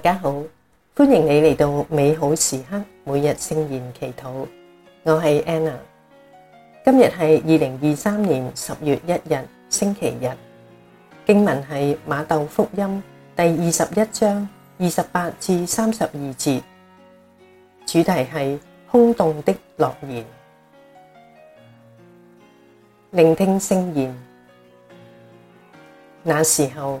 大家好，歡迎你嚟到美好時刻每日聖言祈禱，我係 Anna。今日係二零二三年十月一日星期日，經文係馬竇福音第二十一章二十八至三十二節，主題係空洞的諾言。聆聽聖言，那時候。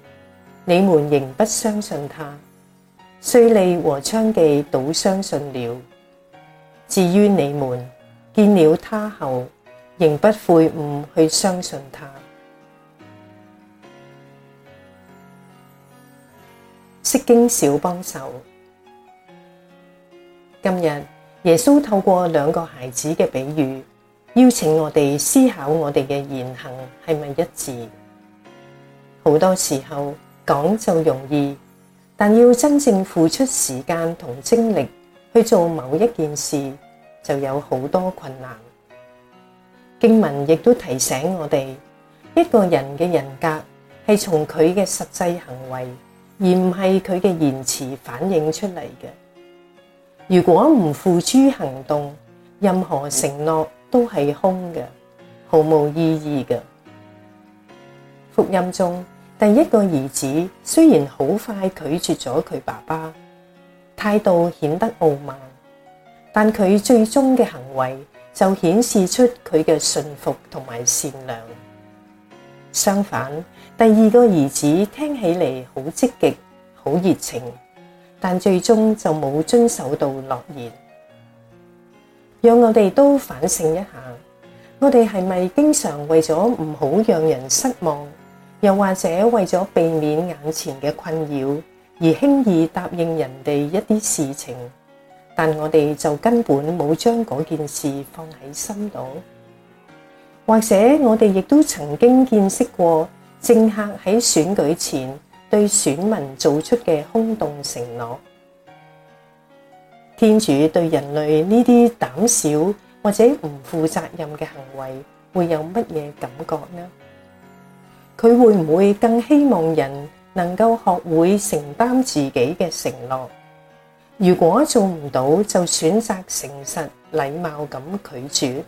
你們仍不相信他，稅吏和娼妓倒相信了。至於你們，見了他後，仍不悔悟去相信他。釋經小幫手，今日耶穌透過兩個孩子嘅比喻，邀請我哋思考我哋嘅言行係咪一致？好多時候。講就容易，但要真正付出時間同精力去做某一件事，就有好多困難。經文亦都提醒我哋，一個人嘅人格係從佢嘅實際行為，而唔係佢嘅言辭反映出嚟嘅。如果唔付諸行動，任何承諾都係空嘅，毫無意義嘅。福音中，第一個兒子雖然好快拒絕咗佢爸爸，態度顯得傲慢，但佢最終嘅行為就顯示出佢嘅順服同埋善良。相反，第二個兒子聽起嚟好積極、好熱情，但最終就冇遵守到諾言。讓我哋都反省一下，我哋係咪經常為咗唔好讓人失望？又或者為咗避免眼前嘅困擾而輕易答應人哋一啲事情，但我哋就根本冇將嗰件事放喺心度。或者我哋亦都曾經見識過政客喺選舉前對選民做出嘅空洞承諾。天主對人類呢啲膽小或者唔負責任嘅行為會有乜嘢感覺呢？佢會唔會更希望人能夠學會承擔自己嘅承諾？如果做唔到，就選擇誠實禮貌咁拒絕。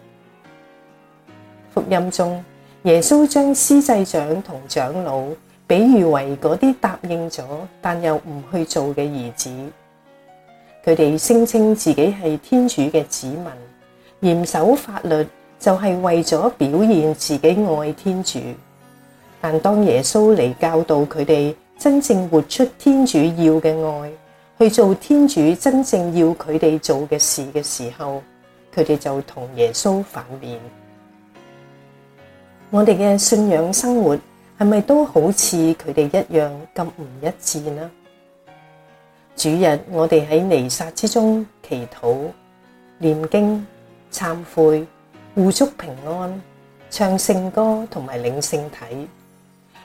福音中耶穌將司祭長同長老比喻為嗰啲答應咗但又唔去做嘅兒子，佢哋聲稱自己係天主嘅子民，嚴守法律就係為咗表現自己愛天主。但當耶穌嚟教導佢哋真正活出天主要嘅愛，去做天主真正要佢哋做嘅事嘅時候，佢哋就同耶穌反面。我哋嘅信仰生活係咪都好似佢哋一樣咁唔一致呢？主日我哋喺彌撒之中祈禱、念經、懺悔、互祝平安、唱聖歌同埋領聖體。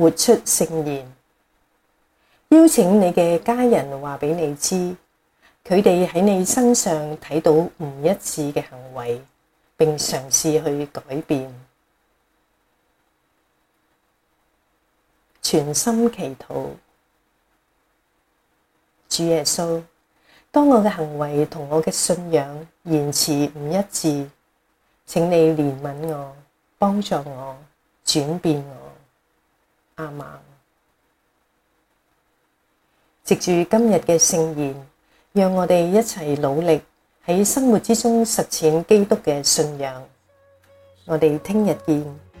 活出聖言，邀請你嘅家人話俾你知，佢哋喺你身上睇到唔一致嘅行為，並嘗試去改變。全心祈禱，主耶穌，當我嘅行為同我嘅信仰言辭唔一致，請你憐憫我，幫助我，轉變我。阿們，藉住今日嘅聖言，讓我哋一齊努力喺生活之中實踐基督嘅信仰。我哋聽日見。